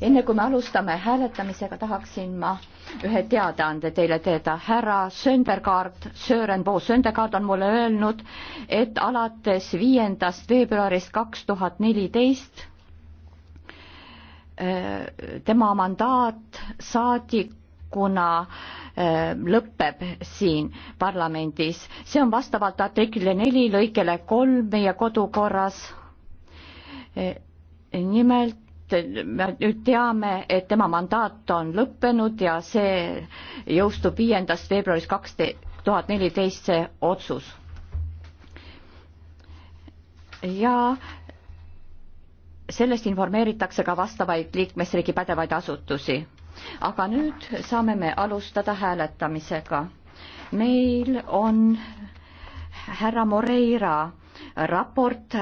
enne kui me alustame hääletamisega, tahaksin ma ühe teadaande teile teada. härra Söndergaard, Sören Bo Söndergaard on mulle öelnud, et alates viiendast veebruarist kaks tuhat neliteist äh, tema mandaat saadikuna äh, lõpeb siin parlamendis. see on vastavalt artiklile neli lõikele kolm meie kodukorras. Äh, nimelt me nüüd teame, et tema mandaat on lõppenud ja see jõustub viiendast veebruarist kaks tuhat neliteist, see otsus. ja sellest informeeritakse ka vastavaid liikmesriigi pädevaid asutusi. aga nüüd saame me alustada hääletamisega. meil on härra Moreira raport